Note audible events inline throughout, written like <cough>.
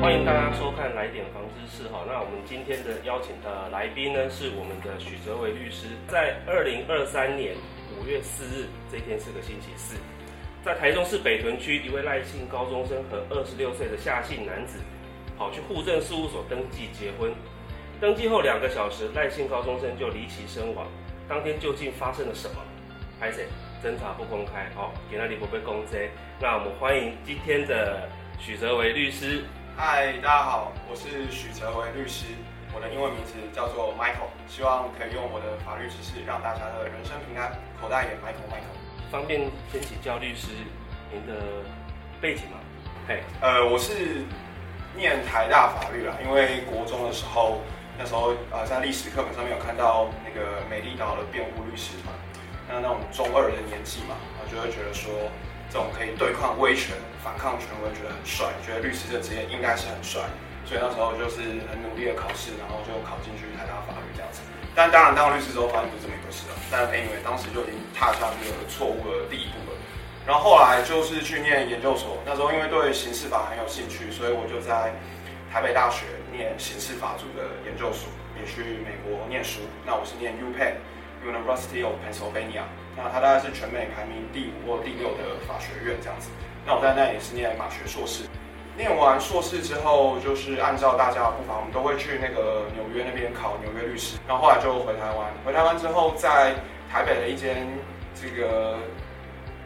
歡迎大家收看《來點房知識》哈，那我們今天的邀請的來賓呢是我們的許哲維律師。在二零二三年五月四日這一天是個星期四，在台中市北屯區，一位賴姓高中生和二十六歲的夏姓男子跑去戶政事務所登記結婚，登記後兩個小時，賴姓高中生就離奇身亡。當天究竟發生了什麼？還是偵查不公開，好、哦，也那裡不會公開。那我們歡迎今天的許哲維律師。嗨，大家好，我是許哲維律師，我的英文名字叫做 Michael。希望可以用我的法律知識，讓大家的人生平安，口袋也 Michael Michael。方便先請教律師您的背景嗎？嘿、hey.，呃，我是念台大法律啊，因為國中的時候。那時候，呃，在歷史課本上面有看到那個美麗島的辯護律師嘛，那那種中二人的年紀嘛，我就會覺得說，這種可以對抗威權、反抗權威，覺得很帥，覺得律師這職業應該是很帥，所以那時候就是很努力的考試，然後就考進去台大法律這樣子。但當然，當律師之後發現不，不是這麼一回事了。但 anyway，當時就已經踏下那個錯誤的第一步了。然後後來就是去念研究所，那時候因為對刑事法很有興趣，所以我就在。台北大學念刑事法組的研究所，也去美國念書。那我是念 UPenn you know, University of Pennsylvania，那他大概是全美排名第五或第六的法學院這樣子。那我在那裡是念法學碩士。念完碩士之後，就是按照大家的步伐，我們都會去那個紐約那邊考紐約律師。然後後來就回台灣，回台灣之後，在台北的一間這個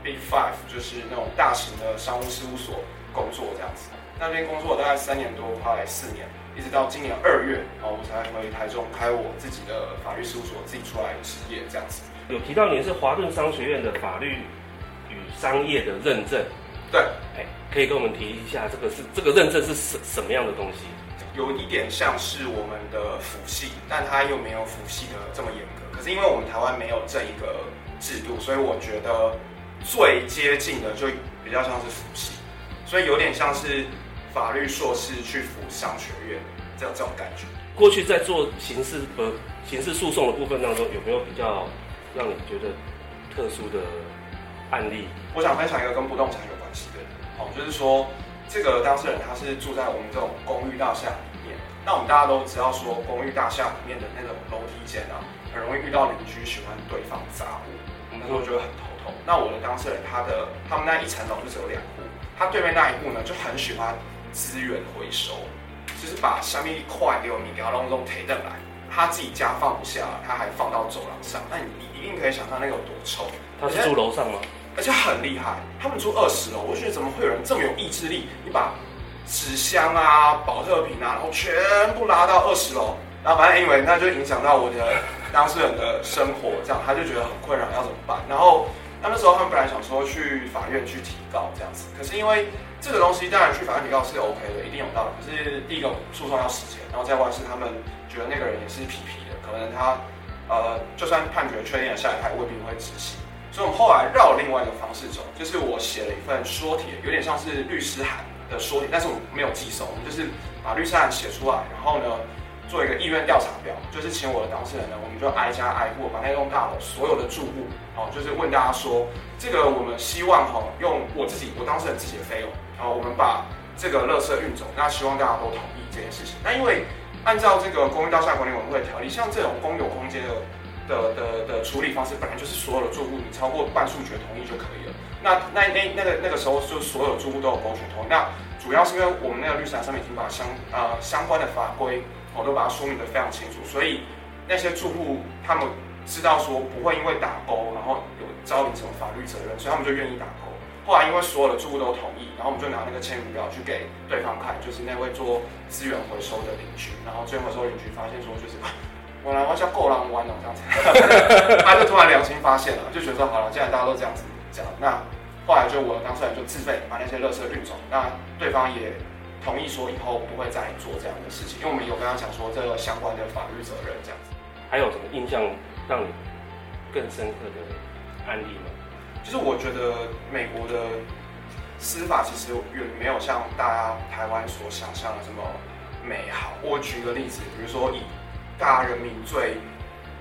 Big Five，就是那種大型的商務事務所工作這樣子。那邊工作大概三年多，快四年，一直到今年二月，然後我才回台中開我自己的法律事務所，自己出來執業這樣子。有提到你是華頓商學院的法律與商業的認證，對，哎、欸，可以跟我們提一下這個是這個認證是什什麼樣的東西？有一點像是我們的輔系，但它又沒有輔系的這麼嚴格。可是因為我們台灣沒有這一個制度，所以我覺得最接近的就比較像是輔系，所以有點像是。法律碩士去輔商學院，這樣這種感覺。過去在做刑事和刑事訴訟的部分當中，有沒有比較讓你覺得特殊的案例？我想分享一個跟不動產有關係的哦，就是說這個當事人他是住在我們這種公寓大廈裡面。那我們大家都知道，說公寓大廈裡面的那種樓梯間啊，很容易遇到鄰居喜歡堆放雜物，嗯、哼那我很多時候就會很頭痛。那我的當事人他的他們那一層樓就只有兩戶，他對面那一戶呢就很喜歡。資源回收，就是把下面一塊給我，明給他弄弄抬凳來。他自己家放不下，他還放到走廊上。那你一定可以想象那個有多臭。他是住樓上嗎？而且很厲害，他們住二十樓，我就覺得怎麼會有人這麼有意志力？你把紙箱啊、保特瓶啊，然後全部拉到二十樓。然後反正因為那就影響到我的當事人的生活，這樣他就覺得很困擾，要怎麼辦？然後那那時候他們本來想說去法院去提告這樣子，可是因為。這個東西當然去法院提告是 OK 的，一定有道理。可是第一個訴訟要時間，然後再外是他們覺得那個人也是皮皮的，可能他呃就算判決確定了，下一排未必會執行。所以我們後來繞另外一個方式走，就是我寫了一份說帖，有點像是律師函的說帖，但是我沒有寄收，我們就是把律師函寫出來，然後呢。做一個意願調查表，就是請我的當事人呢，我們就挨家挨戶把那棟大樓所有的住戶，好、哦，就是問大家說，這個我們希望哈、哦，用我自己我當事人自己的費用，然後我們把這個垃圾運走，那希望大家都同意這件事情。那因為按照這個公寓大廈管理委員會條例，像這種公有空間的的的的處理方式，本來就是所有的住戶你超過半數決同意就可以了。那那那那個那個時候，就所有住戶都有表決同意。那主要是因為我們那個律師啊上面已經把相、呃、相關的法規。我都把它說明得非常清楚，所以那些住戶他們知道說不會因為打勾然後有造成什麼法律責任，所以他們就願意打勾。後來因為所有的住戶都同意，然後我們就拿那個簽名表去給對方看，就是那位做資源回收的鄰居。然後資源回收鄰居發現說就是我來我叫過狼灣哦這樣子，他、 <laughs> 啊、就突然良心發現了，就覺得說好了，既然大家都這樣子講，那後來就我當事人就自費把那些垃圾運走，那對方也。同意說以後不會再做這樣的事情，因為我們有跟他講說這個相關的法律責任這樣子。還有什麼印象讓你更深刻的案例嗎？就是我覺得美國的司法其實遠沒有像大家台灣所想象的這麼美好。我舉個例子，比如說，以大家人民最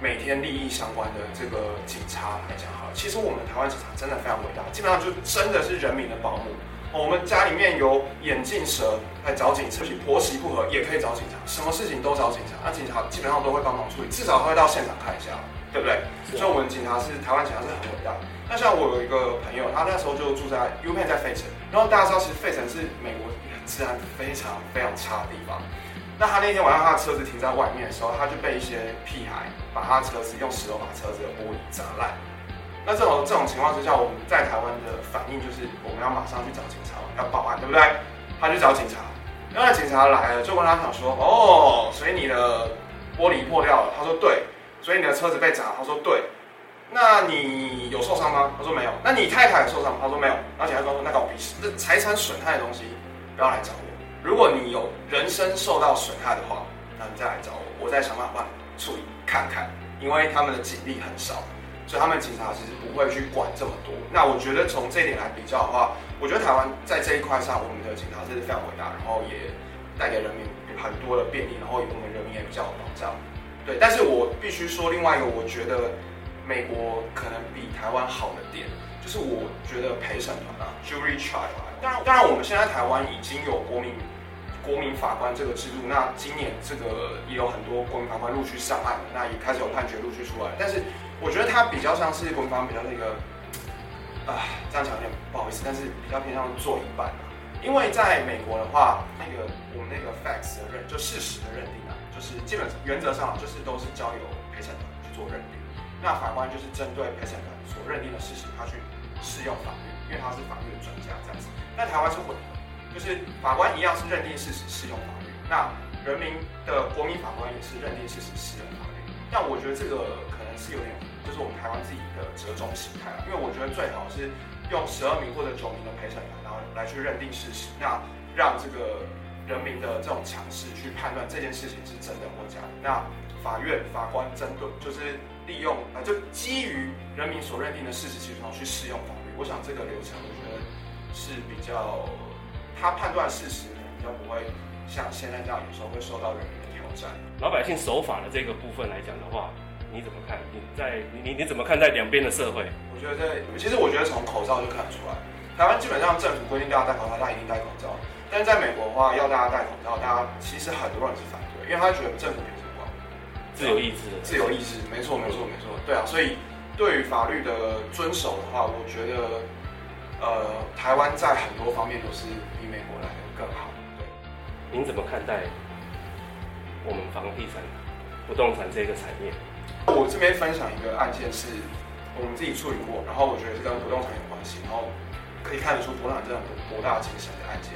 每天利益相關的這個警察來講哈，其實我們台灣警察真的非常偉大，基本上就真的是人民的保姆。哦、我們家裡面有眼鏡蛇，來找警察，不婆媳不和也可以找警察，什麼事情都找警察，那、啊、警察基本上都會幫忙處理，至少他會到現場看一下，對不對？是所以我們警察是台灣警察是很偉大。那像我有一個朋友，他那時候就住在 U-Pen 在費城，然後大家知道其實費城是美國治安非常非常差的地方。那他那天晚上他的車子停在外面的時候，他就被一些屁孩把他車子用石頭把車子的玻璃砸爛。那這種這種情況之下，我們在台灣的反應就是，我們要馬上去找警察，要報案，對不對？他去找警察，因為那警察來了，就跟他講說：“哦，所以你的玻璃破掉了。”他說：“對。”“所以你的車子被砸。”他說：“對。”“那你有受傷嗎？”他說：“沒有。”“那你太太也受傷嗎？”他說：“沒有。”那警察說：“那個我鄙那財產損害的東西不要來找我。如果你有人身受到損害的話，那你再來找我，我再想辦法處理看看，因為他們的警力很少。”所以他們警察其實不會去管這麼多。那我覺得從這點來比較的話，我覺得台灣在這一塊上，我們的警察真的非常偉大，然後也帶給人民很多的便利，然後我們人民也比較有保障。對，但是我必須說另外一個，我覺得美國可能比台灣好的點，就是我覺得陪審團啊，jury trial 啊。當然，當然我們現在台灣已經有國民國民法官這個制度，那今年這個也有很多國民法官陸續上岸，那也開始有判決陸續出來，但是。我覺得它比較像是國民法官比較那個，啊、呃，這樣講有點不好意思，但是比較偏向做一半。因為在美國的話，那個我們那個 facts 的認，就事實的認定啊，就是基本上原則上就是都是交由陪審團去做認定。那法官就是針對陪審團所認定的事實，他去適用法律，因為他是法律的專家這樣子。那台灣是混合，就是法官一樣是認定事實適用法律，那人民的國民法官也是認定事實適用法律。那我覺得這個可能是有點。就是我們台灣自己的折中形態，因為我覺得最好是用十二名或者九名的陪審員，然後來去認定事實，那讓這個人民的這種強勢去判斷這件事情是真的或假的。那法院法官針對就是利用啊，就基於人民所認定的事實基礎，上去適用法律。我想這個流程，我覺得是比較他判斷事實，比較不會像現在這樣有時候會受到人民的挑戰。老百姓守法的這個部分來講的話。你怎麼看？你在你你你怎麼看待兩邊的社會？我覺得，其實我覺得從口罩就看得出來，台灣基本上政府規定大家戴口罩，大家一定戴口罩。但是在美國的話，要大家戴口罩，大家其實很多人是反對，因為他覺得政府也是麼自由意志的，自由意志，沒錯沒錯沒錯，對啊。所以對於法律的遵守的話，我覺得，呃，台灣在很多方面都是比美國來得更好。對，您怎麼看待我們房地產、不動產這個產業？我這邊分享一個案件是，我們自己處理過，然後我覺得是跟不動產有關係，然後可以看得出不動產這樣博大、大精深的案件。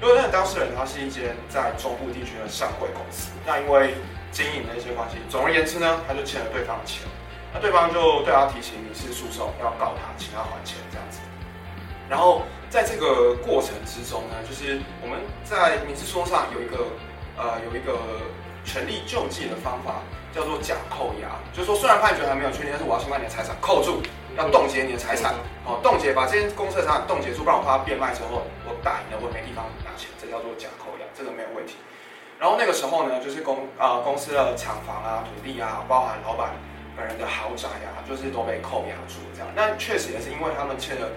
因為那當事人他是一間在中部地區的上櫃公司，那因為經營的一些關係，總而言之呢，他就欠了對方的錢，那對方就對他提起民事訴訟，要告他，請他還錢這樣子。然後在這個過程之中呢，就是我們在民事訴訟上有一個。呃、有一個權利救濟的方法叫做假扣押，就是說雖然判決還沒有確定，但是我要先把你的財產扣住，要凍結你的財產，哦，凍結把這間公司的財產凍結住，不然我怕它變賣之後，我打贏了我沒地方拿錢，這叫做假扣押，這個沒有問題。然後那個時候呢，就是公呃公司的廠房啊、土地啊，包含老闆本人的豪宅啊，就是都被扣押住這樣。那確實也是因為他們欠的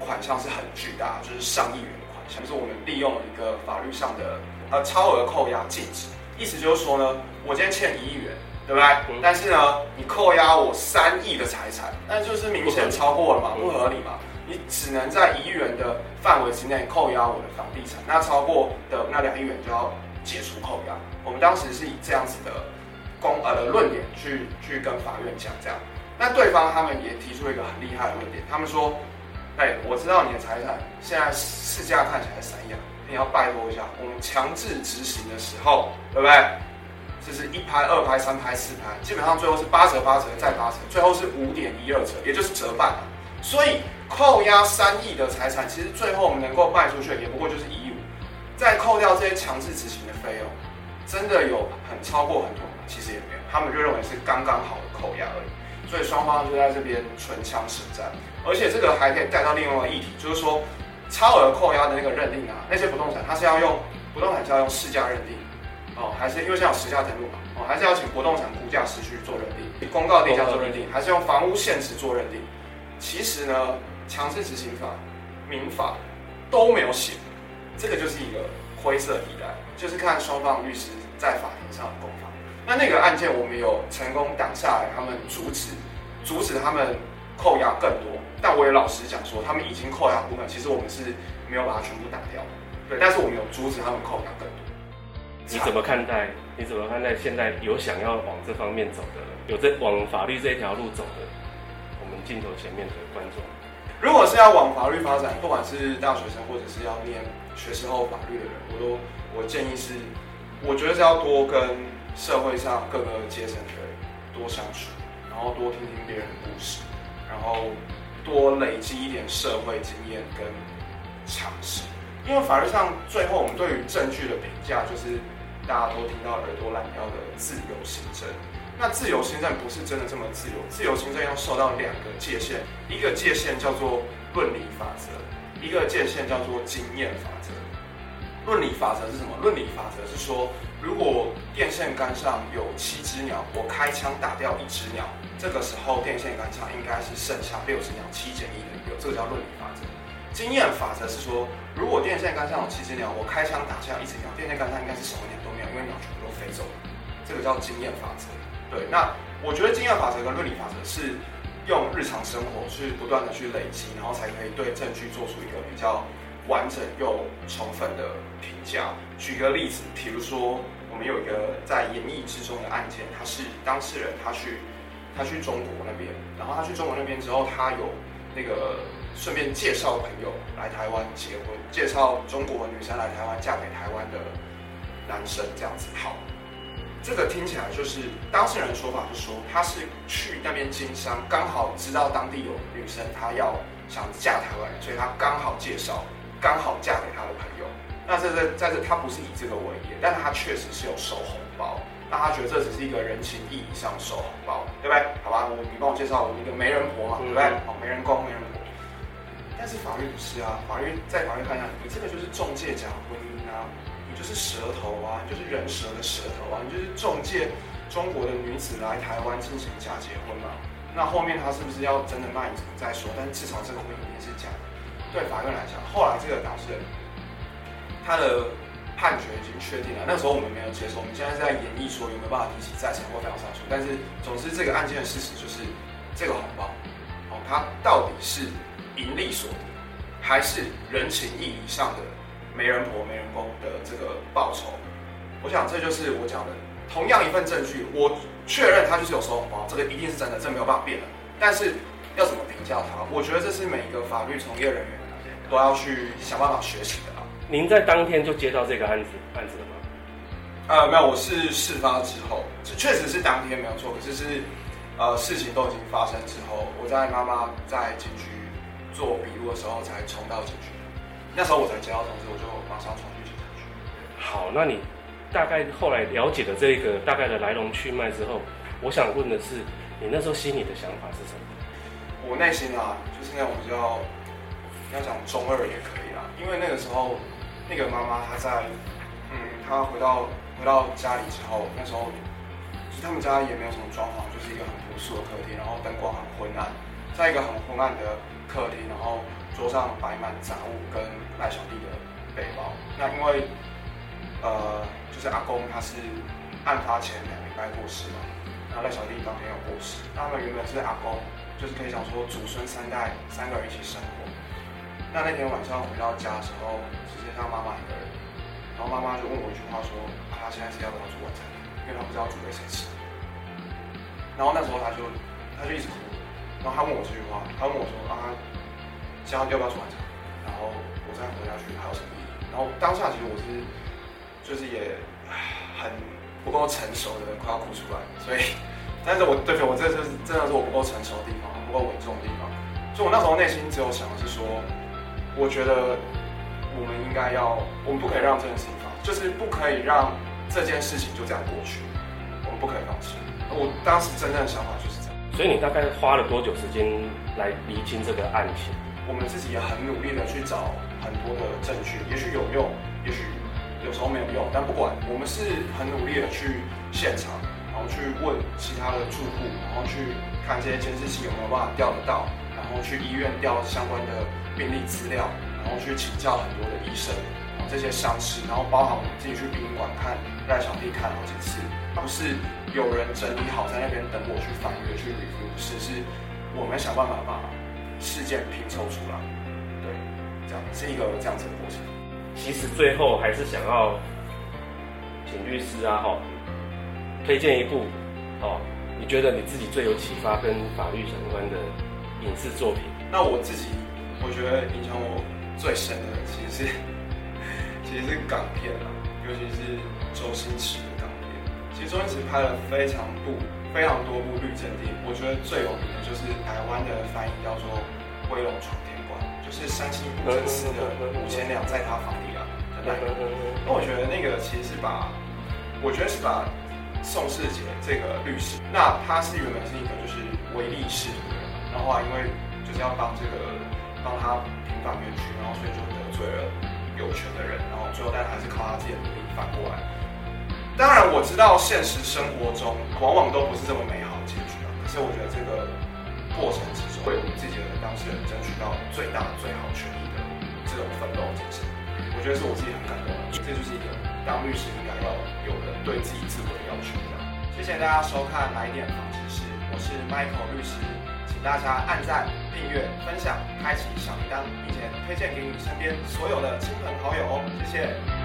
款項是很巨大，就是上億元的款項，就是我們利用了一個法律上的。呃，超額扣押禁止，意思就是說呢，我今天欠一億元，對不對？但是呢，你扣押我三億的財產，那就是明顯超過了嘛，不合理嘛。你只能在一億元的範圍之內扣押我的房地產，那超過的那兩億元就要解除扣押。我們當時是以這樣子的公呃的論點去、嗯、去跟法院講這樣。那對方他們也提出一個很厲害的論點，他們說，哎、欸，我知道你的財產現在市價看起來三億啊。你要拜託一下，我們強制執行的時候，對不對？這是一拍、二拍、三拍、四拍，基本上最後是八折、八折再八折，最後是五點一二折，也就是折半啊。所以扣押三億的財產，其實最後我們能夠賣出去也不過就是一億五，再扣掉這些強制執行的費用，真的有很超過很多嗎？其實也沒有，他們就認為是剛剛好的扣押而已。所以雙方就在這邊唇槍舌戰，而且這個還可以帶到另外一個議題，就是說。超額扣押的那個認定啊，那些不動產，它是要用不動產是要用市價認定哦，還是因為現在有實價登錄嘛哦，還是要請不動產估價師去做認定，以公告定價做認定，哦、還是用房屋現值做認定？其實呢，強制執行法、民法都沒有寫，這個就是一個灰色地帶，就是看雙方律師在法庭上的攻防。那那個案件我們有成功擋下來，他們阻止，阻止他們。扣押更多，但我也老實講說，他們已經扣押部分，其實我們是沒有把它全部打掉的，對。但是我們有阻止他們扣押更多。你怎麼看待？你怎麼看待現在有想要往這方面走的，有在往法律這一條路走的？我們鏡頭前面的觀眾，如果是要往法律發展，不管是大學生，或者是要念學士後法律的人，我都我建議是，我覺得是要多跟社會上各個階層的人多相處，然後多聽聽別人的故事。然後多累積一點社會經驗跟常識，因為法律上最後我們對於證據的評價，就是大家都聽到耳朵爛掉的自由心證。那自由心證不是真的這麼自由，自由心證要受到兩個界限，一個界限叫做論理法則，一個界限叫做經驗法則。論理法則是什麼？論理法則是說，如果電線桿上有七隻鳥，我開槍打掉一隻鳥，這個時候電線桿上應該是剩下六隻鳥，七減一等於六，這個叫論理法則。經驗法則是說，如果電線桿上有七隻鳥，我開槍打下一隻鳥，電線桿上應該是什麼鳥都沒有，因為鳥全部都飛走了，這個叫經驗法則。對，那我覺得經驗法則跟論理法則是用日常生活去不斷的去累積，然後才可以對證據做出一個比較。完整又充分的評價。舉個例子，比如說我們有一個在演藝之中的案件，他是當事人，他去，他去中國那邊，然後他去中國那邊之後，他有那個順便介紹朋友來台灣結婚，介紹中國女生來台灣嫁給台灣的男生，這樣子。好，這個聽起來就是當事人的說法是說，他是去那邊經商，剛好知道當地有女生，他要想嫁台灣，所以他剛好介紹。剛好嫁給他的朋友，那這是但是他不是以這個為業，但他確實是有收紅包，那他覺得這只是一個人情意義上收紅包，對不對？好吧，我你幫我介紹我一個媒人婆嘛，嗯、對不對？哦，媒人公、媒人婆，但是法律不是啊，法律在法律看上，你這個就是仲介假婚姻啊，你就是蛇頭啊，就是人蛇的蛇頭啊，你就是仲介中國的女子來台灣進行假結婚嘛，那後面他是不是要真的那你再說？但至少這個婚姻也是假的。對法院來講，後來這個案子，他的判決已經確定了。那時候我們沒有接受，我們現在在演繹說有沒有辦法提起再審或非常上訴。但是，總之這個案件的事實就是，這個紅包哦，它到底是盈利所得，還是人情意義上的媒人婆、媒人公的這個報酬？我想這就是我講的，同樣一份證據，我確認他就是有收紅包，這個一定是真的，這個沒有辦法變了。但是要怎麼評價它？我覺得這是每一個法律從業人員。都要去想辦法學習的啊。您在當天就接到這個案子案子了嗎？呃，沒有，我是事發之後，確實是當天沒有錯，可是是呃事情都已經發生之後，我在媽媽在警局做筆錄的時候才衝到警局，那時候我才接到通知，我就馬上衝去警察局。好，那你大概後來了解了這個大概的來龍去脈之後，我想問的是，你那時候心裡的想法是什麼？我內心啊，就是那種比較，要講中二也可以啦、啊，因為那個時候，那個媽媽她在，嗯，她回到回到家裡之後，那時候，其實他們家也沒有什麼裝潢，就是一個很樸素的客廳，然後燈光很昏暗，在一個很昏暗的客廳，然後桌上擺滿雜物跟賴小弟的背包。那因為，呃，就是阿公他是案發前兩個禮拜過世嘛，那賴小弟當天有過世，他們原本是阿公，就是可以講說祖孫三代三個人一起生那那天晚上回到家的時候，只剩下媽媽一個人，然後媽媽就問我一句話，說：“啊，他現在是要不要做晚餐？”，因為他不知道煮給誰吃。然後那時候他就，他就一直哭，然後他問我這句話，他問我說：“啊，現在要不要做晚餐？”然後我再活下去還有什麼意義？”然後當下其實我是，就是也，很不夠成熟的快要哭出來，所以，但是我對，對我這、就是真的是我不夠成熟的地方，不夠穩重的地方。所以，我那時候內心只有想的是說。我覺得我們應該要，我們不可以讓這件事情發生，就是不可以讓這件事情就這樣過去，我們不可以放棄。我當時真正的想法就是這樣。所以你大概花了多久時間來釐清這個案情？我們自己也很努力的去找很多的證據，也許有用，也許有時候沒有用，但不管，我們是很努力的去現場，然後去問其他的住戶，然後去看這些監視器有沒有辦法調得到。然後去醫院調相關的病歷資料，然後去請教很多的醫生，然後這些相識，然後包含自己去殯儀館看賴小弟，看好幾次，不是有人整理好在那邊等我去翻閱去理律實是我們想辦法把事件拼湊出來。對，這樣是一個這樣子的過程。其實最後還是想要請律師啊、哦，好，推薦一部哦，你覺得你自己最有啟發跟法律相關的？影視作品，那我自己我覺得影響我最深的，其實是其實是港片啊，尤其是周星馳的港片。其實周星馳拍了非常部、非常多部律政片，我覺得最有名的就是台灣的翻譯叫做《威龍闖天關》，就是三心周星的《五千兩在他房裡啊》 <laughs> 的那那 <laughs> 我覺得那個其實是把，我覺得是把宋世杰這個律師，那他是原本是一個就是唯利是圖。然後啊，因為就是要幫這個幫他平反冤屈，然後所以就得罪了有權的人，然後最後但還是靠他自己的努力反過來。當然我知道現實生活中往往都不是這麼美好的結局啊，可是我覺得這個過程之中，為我們自己的當事人爭取到最大最好權益的這種奮鬥精神，我覺得是我自己很感動的啊。這就是一個當律師應該要有的對自己自我的要求啊。謝謝大家收看《來點房知識》，我是 Michael 律師。大家按讚、訂閱、分享、開啟小鈴鐺，並且推薦給你身邊所有的親朋好友哦，謝謝。